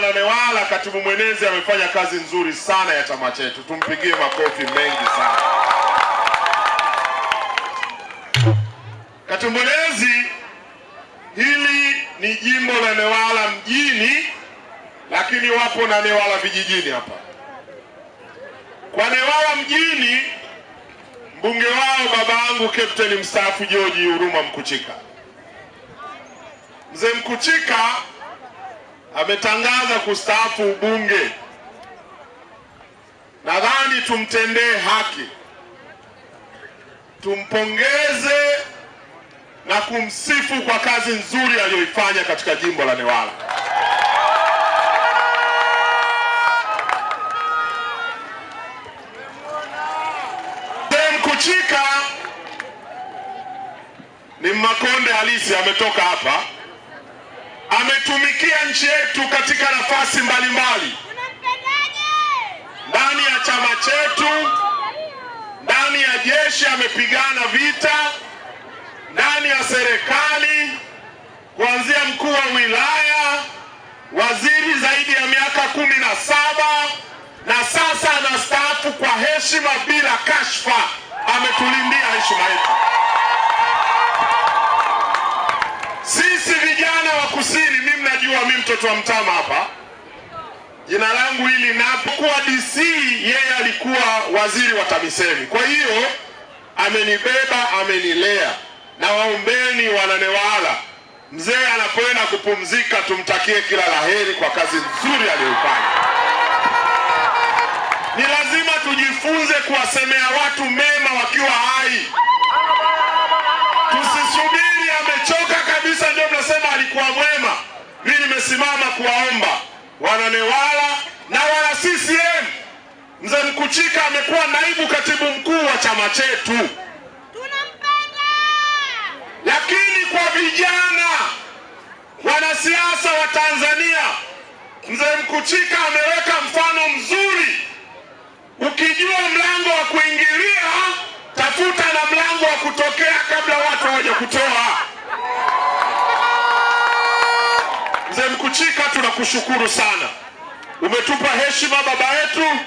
newala katibu mwenezi amefanya kazi nzuri sana ya chama chetu, tumpigie makofi mengi sana. Katibu mwenezi, hili ni jimbo la Newala mjini, lakini wapo na Newala vijijini hapa. Kwa Newala mjini, mbunge wao babaangu Captain mstaafu George Huruma Mkuchika. Mzee Mkuchika ametangaza kustaafu ubunge. Nadhani tumtendee haki, tumpongeze na kumsifu kwa kazi nzuri aliyoifanya katika jimbo la Newala. Mkuchika ni Mmakonde halisi, ametoka hapa ametumikia nchi yetu katika nafasi mbalimbali ndani ya chama chetu, ndani ya jeshi, amepigana vita ndani ya serikali, kuanzia mkuu wa wilaya, waziri zaidi ya miaka kumi na saba na sasa anastaafu kwa heshima bila kashfa. Ametulindia heshima yetu. mimi mtoto wa mtama hapa, jina langu hili napokuwa DC, yeye alikuwa waziri wa TAMISEMI. Kwa hiyo amenibeba, amenilea, na waombeni wananewala, mzee anapoenda kupumzika, tumtakie kila laheri kwa kazi nzuri aliyoifanya. Ni lazima tujifunze. tunasimama kuwaomba wananewala na wana CCM. Mzee Mkuchika amekuwa naibu katibu mkuu wa chama chetu, lakini kwa vijana wanasiasa wa Tanzania Mzee Mkuchika ameweka mfano mzuri. Ukijua mlango wa kuingilia, tafuta na mlango wa kutokea kabla watu hawajakutoa. Mkuchika, tunakushukuru sana, umetupa heshima baba yetu,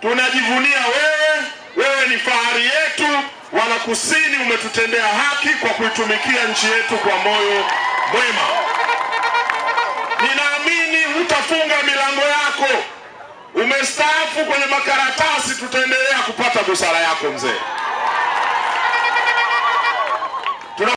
tunajivunia wewe. Wewe ni fahari yetu. Wanakusini, umetutendea haki kwa kuitumikia nchi yetu kwa moyo mwema. Ninaamini hutafunga milango yako. Umestaafu kwenye makaratasi, tutaendelea kupata busara yako mzee.